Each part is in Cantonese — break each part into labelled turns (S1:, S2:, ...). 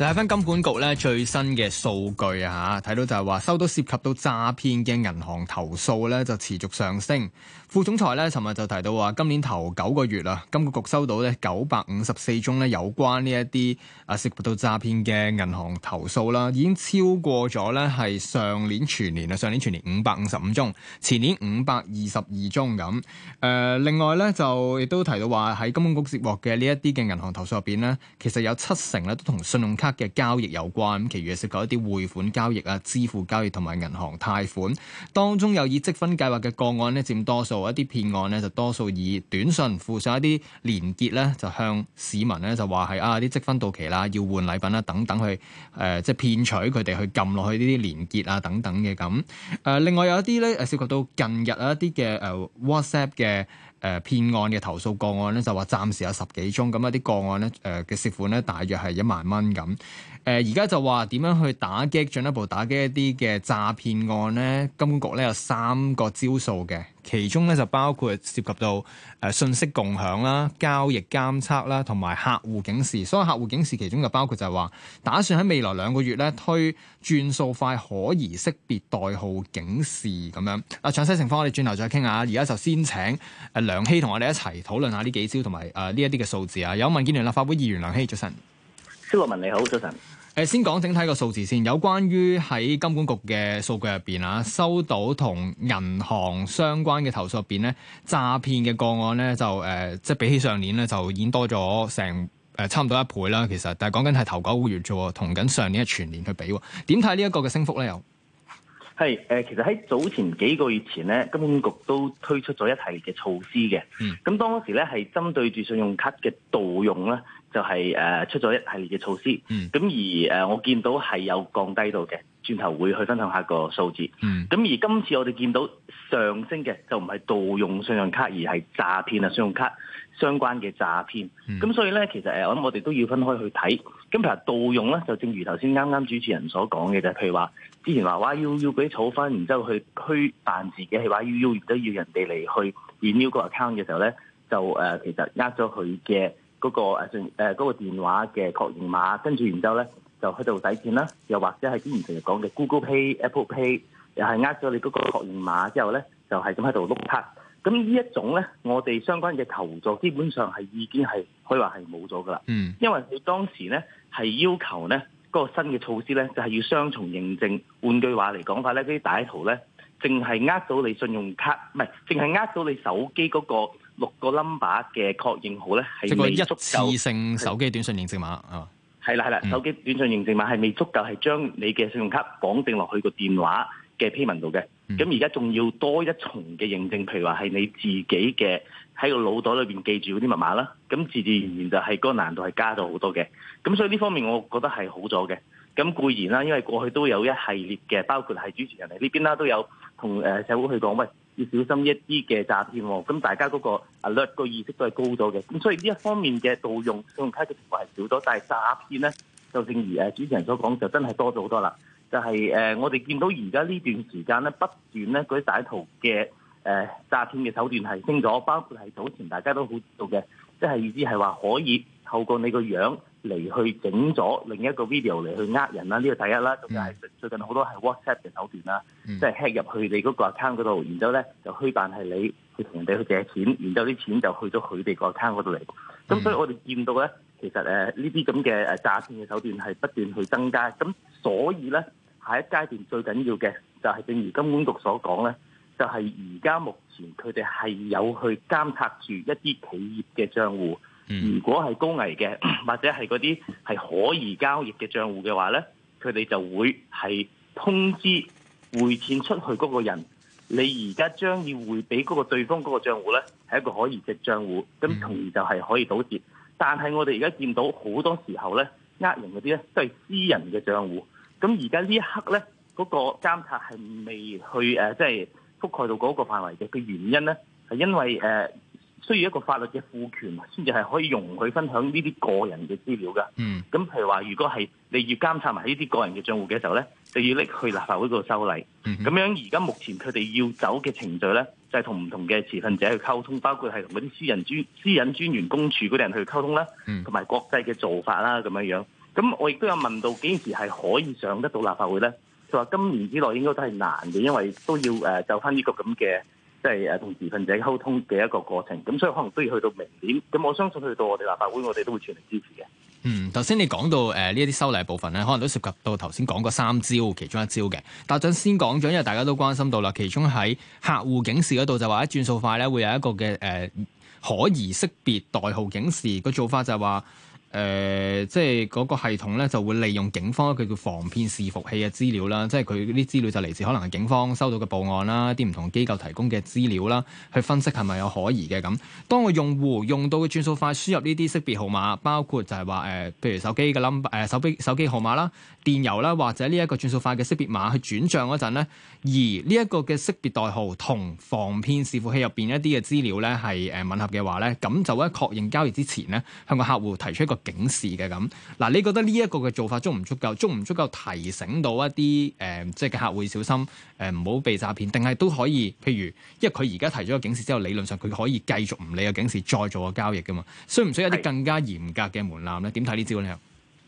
S1: 睇返金管局咧最新嘅數據啊，嚇睇到就係話收到涉及到詐騙嘅銀行投訴咧就持續上升。副總裁咧尋日就提到話，今年頭九個月啦，金管局收到咧九百五十四宗咧有關呢一啲啊涉及到詐騙嘅銀行投訴啦，已經超過咗咧係上年全年啊，上年全年五百五十五宗，前年五百二十二宗咁。誒、呃，另外咧就亦都提到話喺金管局接獲嘅呢一啲嘅銀行投訴入邊呢，其實有七成咧都同信用卡嘅交易有關咁，其實涉及一啲匯款交易啊、支付交易同埋銀行貸款，當中又以積分計劃嘅個案咧佔多數，一啲騙案咧就多數以短訊附上一啲連結呢就向市民呢就話係啊啲積分到期啦，要換禮品啦等等去，去、呃、誒即係騙取佢哋去撳落去呢啲連結啊等等嘅咁誒。另外有一啲呢，誒涉及到近日啊一啲嘅誒 WhatsApp 嘅。誒、呃、騙案嘅投訴個案咧，就話暫時有十幾宗咁一啲個案咧，誒嘅涉款咧，大約係一萬蚊咁。誒而家就話點樣去打擊進一步打擊一啲嘅詐騙案咧？金管局咧有三個招數嘅。其中咧就包括涉及到誒信息共享啦、交易監測啦，同埋客戶警示。所以客戶警示其中就包括就係話，打算喺未來兩個月咧推轉數快可疑識別代號警示咁樣。啊，詳細情況我哋轉頭再傾下。而家就先請誒梁熙同我哋一齊討論下呢幾招同埋誒呢一啲嘅數字啊。有民建聯立法會議員梁熙，早晨。
S2: 肖若文你好，早晨。
S1: 誒，先講整體個數字先。有關於喺金管局嘅數據入邊啊，收到同銀行相關嘅投訴入邊咧，詐騙嘅個案咧就誒、呃，即係比起上年咧就已經多咗成誒，差唔多一倍啦。其實，但係講緊係頭九個月做，同緊上年嘅全年去比，點睇呢一個嘅升幅咧？有
S2: 係誒，其實喺早前幾個月前咧，金管局都推出咗一系列嘅措施嘅。嗯，咁當時咧係針對住信用卡嘅盜用咧。就係、是、誒出咗一系列嘅措施，咁、嗯、而誒我見到係有降低到嘅，轉頭會去分享下個數字。咁、嗯、而今次我哋見到上升嘅就唔係盜用信用卡而係詐騙啊信用卡相關嘅詐騙。咁、嗯、所以咧其實我諗我哋都要分開去睇。咁其實盜用咧就正如頭先啱啱主持人所講嘅就譬如話之前話 Yuu 嗰俾儲分，然之後去虛扮自己係 Yuu 亦都要，要，要人哋嚟去 renew 個 account 嘅時候咧，就誒、呃、其實呃咗佢嘅。嗰、個誒誒嗰個電話嘅確認碼，跟住然之後咧就喺度底騙啦，又或者係之前成日講嘅 Google Pay、Apple Pay，又係呃咗你嗰個確認碼之後咧就係咁喺度碌卡。咁呢一種咧，我哋相關嘅求助基本上係已經係可以話係冇咗噶啦。嗯，因為佢當時咧係要求咧嗰、個新嘅措施咧就係要雙重認證。換句話嚟講法咧，啲歹徒咧淨係呃到你信用卡，唔係淨係呃到你手機嗰、個。六個 number 嘅確認號咧，係一次性手
S1: 機短信認證碼
S2: 啊，係啦係啦，手機短信認證碼係未足夠係將你嘅信用卡綁定落去個電話嘅 payment 度嘅，咁而家仲要多一重嘅認證，譬如話係你自己嘅喺個腦袋裏邊記住嗰啲密碼啦，咁自自然然就係嗰個難度係加咗好多嘅，咁所以呢方面我覺得係好咗嘅，咁固然啦、啊，因為過去都有一系列嘅，包括係主持人嚟呢邊啦，都有同誒社會去講喂。要小心一啲嘅詐騙喎，咁大家嗰個 alert 嘅意識都係高咗嘅，咁所以呢一方面嘅盜用信用卡嘅情況係少咗，但係詐騙咧就正如誒主持人所講，就真係多咗好多啦。就係、是、誒，我哋見到而家呢段時間咧不斷咧嗰啲歹徒嘅誒詐騙嘅手段係升咗，包括係早前大家都好知道嘅，即係意思係話可以透過你個樣，嚟去整咗另一個 video 嚟去呃人啦，呢、這個第一啦，仲有係最近好多係 WhatsApp 嘅手段啦，即、嗯、係、就是、hack 入去你嗰個 account 嗰度，然之後咧就虛扮係你去同人哋去借錢，然之後啲錢就去咗佢哋個 account 嗰度嚟。咁、嗯、所以我哋見到咧，其實呢啲咁嘅誒詐騙嘅手段係不斷去增加。咁所以咧，下一階段最緊要嘅就係正如金管局所講咧，就係而家目前佢哋係有去監察住一啲企業嘅帳戶。如果係高危嘅，或者係嗰啲係可疑交易嘅賬戶嘅話呢，佢哋就會係通知匯錢出去嗰個人，你而家將要匯俾嗰個對方嗰個賬戶呢，係一個可疑嘅賬戶，咁從而就係可以堵截。但係我哋而家見到好多時候呢，呃人嗰啲呢都係私人嘅賬戶，咁而家呢一刻呢，嗰、嗰個監察係未去誒，即、呃、係、就係、覆蓋到嗰個範圍嘅嘅原因呢，係因為誒。呃需要一個法律嘅賦權，先至係可以容許分享呢啲個人嘅資料噶。咁、mm-hmm. 譬如話，如果係你要監察埋呢啲個人嘅帳戶嘅時候咧，就要拎去立法會度修例。咁、mm-hmm. 樣而家目前佢哋要走嘅程序咧，就係、是、同唔同嘅持份者去溝通，包括係同嗰啲私人專私隱專員公署嗰啲人去溝通啦，同、mm-hmm. 埋國際嘅做法啦咁樣樣。咁我亦都有問到幾時係可以上得到立法會咧？佢話今年之內應該都係難嘅，因為都要誒、呃、就翻呢個咁嘅。即係誒同持份者溝通嘅一個過程，咁所以可能都要去到明年，咁我相信去到我哋立法會，我哋都
S1: 會全力支持嘅。嗯，頭先你講到誒呢一啲修例部分咧，可能都涉及到頭先講過三招其中一招嘅，但陣先講咗，因為大家都關心到啦，其中喺客戶警示嗰度就話喺轉數快咧會有一個嘅、呃、可疑識別代號警示個做法就係話。誒、呃，即係嗰個系統咧，就會利用警方一個叫防騙伺服器嘅資料啦，即係佢啲資料就嚟自可能係警方收到嘅報案啦，啲唔同機構提供嘅資料啦，去分析係咪有可疑嘅咁。當個用戶用到嘅轉數快輸入呢啲識別號碼，包括就係話譬如手機嘅 number，、呃、手機手機號碼啦、電郵啦，或者呢一個轉數快嘅識別碼去轉賬嗰陣呢。而呢一個嘅識別代號同防騙伺服器入面一啲嘅資料呢，係誒、呃、吻合嘅話呢，咁就喺確認交易之前呢，向個客戶提出一個。警示嘅咁，嗱，你覺得呢一個嘅做法足唔足夠？足唔足夠提醒到一啲、呃、即係嘅客戶小心、呃、唔好被詐騙？定係都可以？譬如，因為佢而家提咗個警示之後，理論上佢可以繼續唔理個警示，再做個交易噶嘛？需唔需要一啲更加嚴格嘅門檻咧？點睇呢招咧？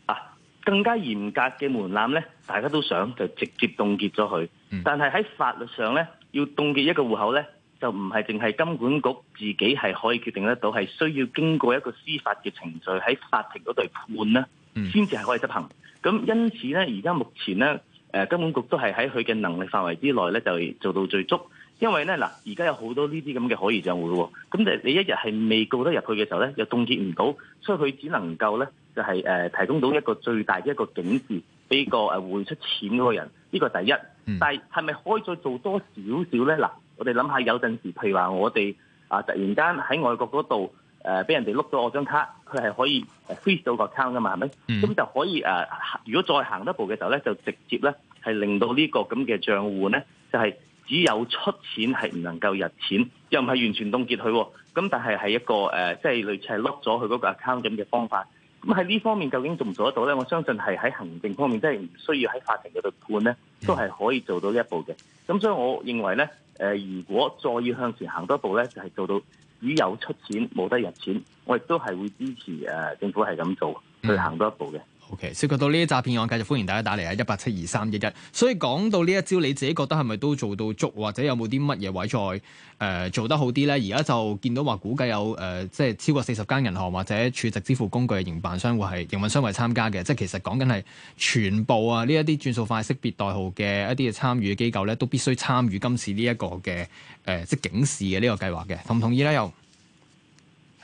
S1: 啊，
S2: 更加嚴格嘅門檻咧，大家都想就直接凍結咗佢、嗯，但係喺法律上咧，要凍結一個戶口咧。就唔係淨係金管局自己係可以決定得到，係需要經過一個司法嘅程序，喺法庭嗰度判咧，先至係可以執行。咁、嗯、因此咧，而家目前咧，誒金管局都係喺佢嘅能力範圍之內咧，就做到最足。因為咧嗱，而家有好多呢啲咁嘅可疑賬戶嘅，咁你你一日係未告得入去嘅時候咧，又凍結唔到，所以佢只能夠咧就係、是、誒提供到一個最大嘅一個警示俾個誒匯出錢嗰個人。呢、呢個第一，嗯、但係係咪可以再做多少少咧？嗱？我哋諗下，有陣時，譬如話我哋啊，突然間喺外國嗰度誒，俾、呃、人哋碌咗我張卡，佢係可以 freeze 到個 account 噶嘛，係咪？咁、mm. 就可以誒、呃，如果再行一步嘅時候咧，就直接咧係令到這個這的帳呢個咁嘅賬戶咧，就係、是、只有出錢係唔能夠入錢，又唔係完全凍結佢、哦，咁但係係一個誒、呃，即係類似係碌咗佢嗰個 account 咁嘅方法。咁喺呢方面究竟做唔做得到咧？我相信係喺行政方面，即係唔需要喺法庭嗰度判咧，都係可以做到這一步嘅。咁所以我認為咧。誒，如果再要向前行多一步咧，就係、是、做到只有出錢冇得入錢，我亦都係會支持誒、啊、政府係咁做，去行多一步嘅。
S1: OK，涉及到呢一詐騙案，繼續歡迎大家打嚟啊！一八七二三一一。所以講到呢一招，你自己覺得係咪都做到足，或者有冇啲乜嘢位再誒、呃、做得好啲呢？而家就見到話，估計有誒、呃，即係超過四十間銀行或者儲值支付工具營辦商會係營運商會參加嘅。即係其實講緊係全部啊！呢一啲轉數快識別代號嘅一啲嘅參與嘅機構呢，都必須參與今次呢一個嘅誒、呃、即警示嘅呢個計劃嘅。同唔同意呢？又、嗯？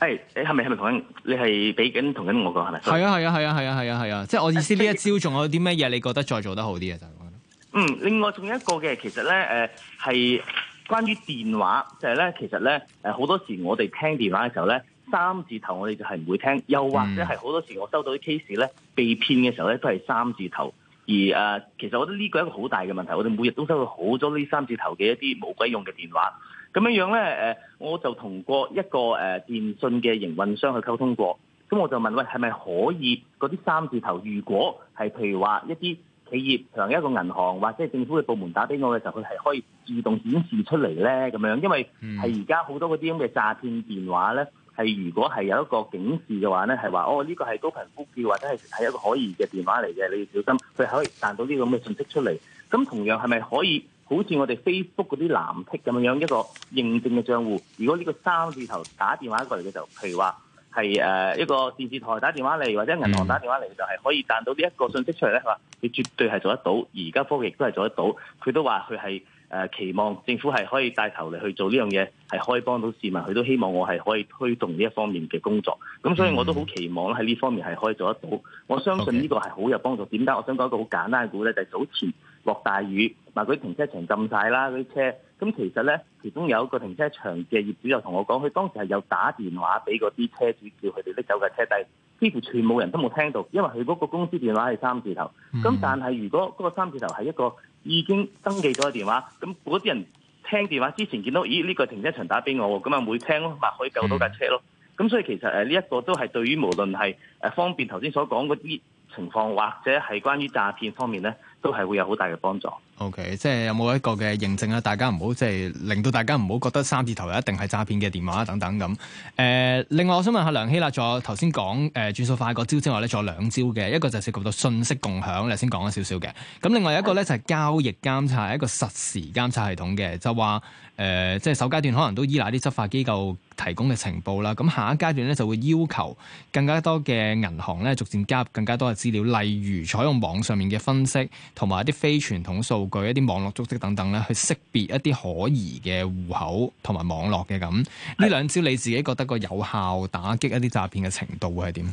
S2: 誒、hey，你係咪係咪同緊？你係俾緊同緊我講係咪？係
S1: 啊，係啊，係啊，係啊，係啊，係啊！即係我意思，呢一招仲有啲咩嘢？你覺得再做得好啲嘅就係
S2: 咁。嗯，另外仲有一個嘅，其實咧，誒、呃、係關於電話就係、是、咧，其實咧誒好多時我哋聽電話嘅時候咧，三字頭我哋就係唔會聽，又或者係好多時我收到啲 case 咧，被騙嘅時候咧都係三字頭。而誒、呃，其實我覺得呢個係一個好大嘅問題，我哋每日都收到好多呢三字頭嘅一啲冇鬼用嘅電話。咁樣呢，咧，我就同過一個誒電訊嘅營運商去溝通過，咁我就問，喂，係咪可以嗰啲三字頭？如果係譬如話一啲企業同一個銀行或者係政府嘅部門打俾我嘅時候，佢係可以自動顯示出嚟咧，咁樣，因為係而家好多嗰啲咁嘅詐騙電話咧，係如果係有一個警示嘅話咧，係話哦呢個係高頻呼叫或者係係一個可疑嘅電話嚟嘅，你要小心，佢可以彈到呢個咁嘅信息出嚟。咁同樣係咪可以？好似我哋 Facebook 嗰啲藍剔咁樣一個認證嘅賬戶，如果呢個三字頭打電話過嚟嘅時候，譬如話係誒一個電視台打電話嚟，或者銀行打電話嚟，就係可以彈到呢一個信息出嚟咧，話佢絕對係做得到，而家科技亦都係做得到，佢都話佢係誒期望政府係可以帶頭嚟去做呢樣嘢，係可以幫到市民，佢都希望我係可以推動呢一方面嘅工作，咁所以我都好期望喺呢方面係可以做得到，我相信呢個係好有幫助。點解我想講一個好簡單嘅估咧？就係早前。落大雨，嗱，啲停車場浸晒啦，佢啲車。咁其實呢，其中有一個停車場嘅業主就同我講，佢當時係有打電話俾嗰啲車主，叫佢哋拎走架車底，但幾乎全部人都冇聽到，因為佢嗰個公司電話係三字頭。咁但係如果嗰個三字頭係一個已經登記咗嘅電話，咁嗰啲人聽電話之前見到，咦？呢個停車場打俾我，咁啊，會聽咯，咪可以救到架車咯。咁所以其實誒呢一個都係對於無論係誒方便頭先所講嗰啲情況，或者係關於詐騙方面呢。都係會有好大嘅幫助。
S1: O.K.，即係有冇一個嘅認證啊？大家唔好即係令到大家唔好覺得三字頭一定係詐騙嘅電話等等咁。誒、呃，另外我想問下梁熙啦，咗頭先講誒轉數快嗰招之外咧，仲有兩招嘅，一個就涉及到信息共享，你先講咗少少嘅。咁另外一個咧就係、是、交易監察，一個實時監察系統嘅，就話誒、呃，即係首階段可能都依賴啲執法機構提供嘅情報啦。咁下一階段咧就會要求更加多嘅銀行咧，逐漸加入更加多嘅資料，例如採用網上面嘅分析同埋一啲非傳統數據一啲網絡足跡等等咧，去識別一啲可疑嘅戶口同埋網絡嘅咁，呢兩招你自己覺得個有效打擊一啲詐騙嘅程度會係點？
S2: 誒、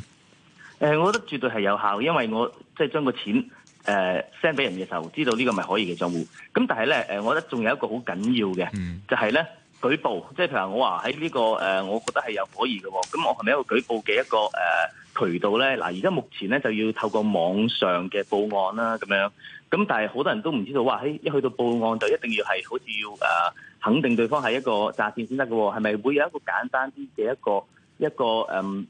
S2: 呃，我覺得絕對係有效，因為我即係將個錢誒 send 俾人嘅時候，知道呢個咪可疑嘅賬戶。咁但係咧，誒，我覺得仲有一個好緊要嘅，就係、是、咧舉報。即係譬如我話喺呢個誒、呃，我覺得係有可疑嘅喎。咁我係咪一個舉報嘅一個誒？呃渠道咧，嗱，而家目前咧就要透過網上嘅報案啦、啊，咁樣咁但係好多人都唔知道，哇，一去到報案就一定要係好似要誒、啊、肯定對方係一個詐騙先得嘅係咪，會有一個簡單啲嘅一個一個誒、嗯、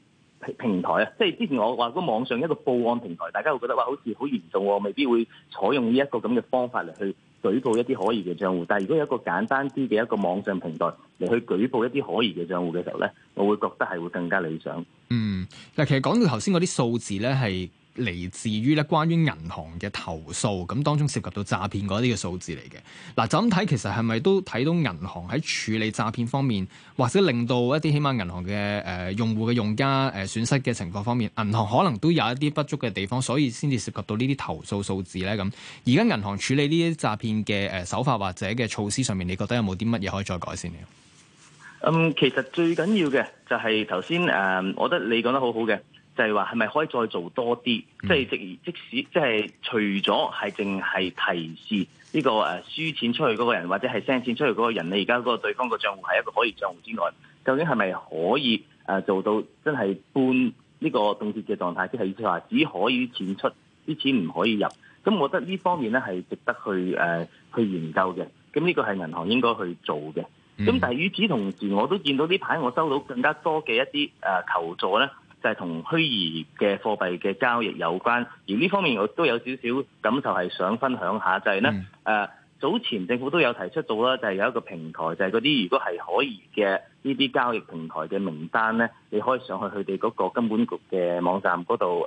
S2: 平台啊？即係之前我話個網上一個報案平台，大家會覺得哇，好似好嚴重、啊、未必會採用呢一個咁嘅方法嚟去。舉報一啲可疑嘅帳戶，但係如果有一個簡單啲嘅一個網上平台嚟去舉報一啲可疑嘅帳戶嘅時候咧，我會覺得係會更加理想。
S1: 嗯，嗱，其實講到頭先嗰啲數字咧係是嚟自於咧，關於銀行嘅投訴，咁當中涉及到詐騙嗰啲嘅數字嚟嘅。嗱，就咁睇，其實係咪都睇到銀行喺處理詐騙方面，或者令到一啲起碼銀行嘅誒用戶嘅用家誒損失嘅情況方面，銀行可能都有一啲不足嘅地方，所以先至涉及到呢啲投訴數字咧。咁而家銀行處理呢啲詐騙嘅誒手法或者嘅措施上面，你覺得有冇啲乜嘢可以再改善咧？嗯，
S2: 其實最緊要嘅就係頭先誒，我覺得你講得好好嘅。就係話係咪可以再做多啲，即係即即使即係、就是、除咗係淨係提示呢個誒輸錢出去嗰個人或者係 send 錢出去嗰個人，你而家嗰個對方個賬戶係一個可疑賬戶之外，究竟係咪可以誒做到真係半呢個凍結嘅狀態，即係意思話只可以錢出啲錢唔可以入？咁我覺得呢方面咧係值得去誒、呃、去研究嘅。咁呢個係銀行應該去做嘅。咁、嗯、但係與此同時，我都見到呢排我收到更加多嘅一啲誒求助咧。就係、是、同虛擬嘅貨幣嘅交易有關，而呢方面我都有少少感受，係想分享下就係、是、呢誒、嗯呃、早前政府都有提出到啦，就係、是、有一個平台，就係嗰啲如果係可以嘅呢啲交易平台嘅名單咧，你可以上去佢哋嗰個金管局嘅網站嗰度誒，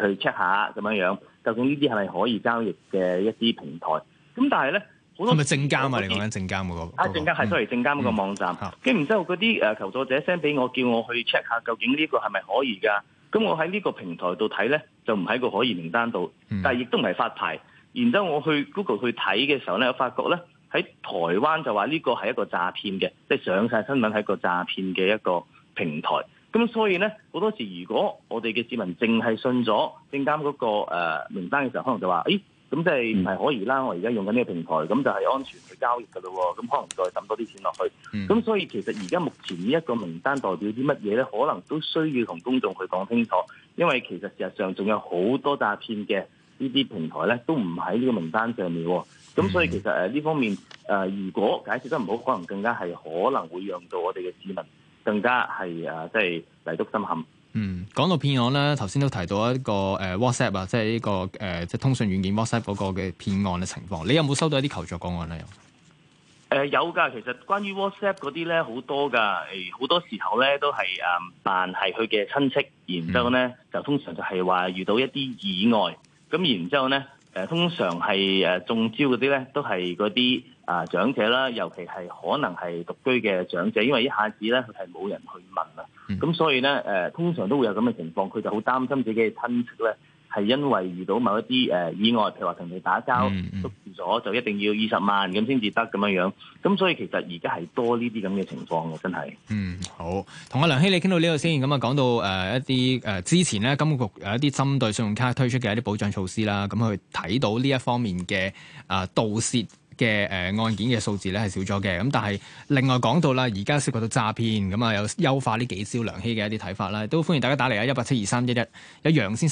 S2: 呃、去 check 下咁樣樣，究竟呢啲係咪可以交易嘅一啲平台？咁但係咧。係咪證監啊？你講緊證監喎、嗰個、嗰個？啊，證監係都係證監嗰個網站。跟、嗯嗯、然之後嗰啲誒求助者 send 俾我，叫我去 check 下究竟呢個係咪可疑㗎？咁我喺呢個平台度睇咧，就唔喺個可疑名單度，但係亦都唔係發牌。然之後我去 Google 去睇嘅時候咧，我發覺咧喺台灣就話呢個係一個詐騙嘅，即係上晒新聞係一個詐騙嘅一個平台。咁所以咧好多時，如果我哋嘅市民淨係信咗證監嗰個誒名單嘅時候，可能就話，咦？咁即係唔係可以啦？我而家用緊呢個平台，咁就係安全去交易噶咯。咁可能再抌多啲錢落去。咁所以其實而家目前呢一個名單代表啲乜嘢咧？可能都需要同公眾去講清楚。因為其實事實上仲有好多詐騙嘅呢啲平台咧，都唔喺呢個名單上面。咁所以其實呢方面、呃、如果解釋得唔好，可能更加係可能會讓到我哋嘅市民更加係誒，即係泥足深陷。就是
S1: 嗯，講到騙案咧，頭先都提到一個誒、呃、WhatsApp 啊，即係呢個誒、呃、即係通訊軟件 WhatsApp 嗰個嘅騙案嘅情況，你有冇收到一啲求助個案咧？誒、
S2: 呃、有噶，其實關於 WhatsApp 嗰啲咧，好多噶，好多時候咧都係誒扮係佢嘅親戚，然之後咧、嗯、就通常就係話遇到一啲意外，咁然之後咧誒、呃、通常係誒、呃、中招嗰啲咧都係嗰啲。啊、呃，長者啦，尤其係可能係獨居嘅長者，因為一下子咧佢係冇人去問啊，咁、嗯、所以咧誒、呃，通常都會有咁嘅情況，佢就好擔心自己嘅親戚咧係因為遇到某一啲誒、呃、意外，譬如話同你打交，捉住咗就一定要二十萬咁先至得咁樣樣，咁所以其實而家係多呢啲咁嘅情況嘅，真係。嗯，好，
S1: 同阿梁希你傾到呢度先，咁啊講到誒、呃、一啲誒、呃、之前咧金管局有一啲針對信用卡推出嘅一啲保障措施啦，咁去睇到呢一方面嘅啊、呃、盜竊。嘅誒、呃、案件嘅數字咧係少咗嘅，咁但係另外講到啦，而家涉及到詐騙，咁啊有優化呢幾招梁熙嘅一啲睇法啦，都歡迎大家打嚟，啊，一八七二三一一有楊先生。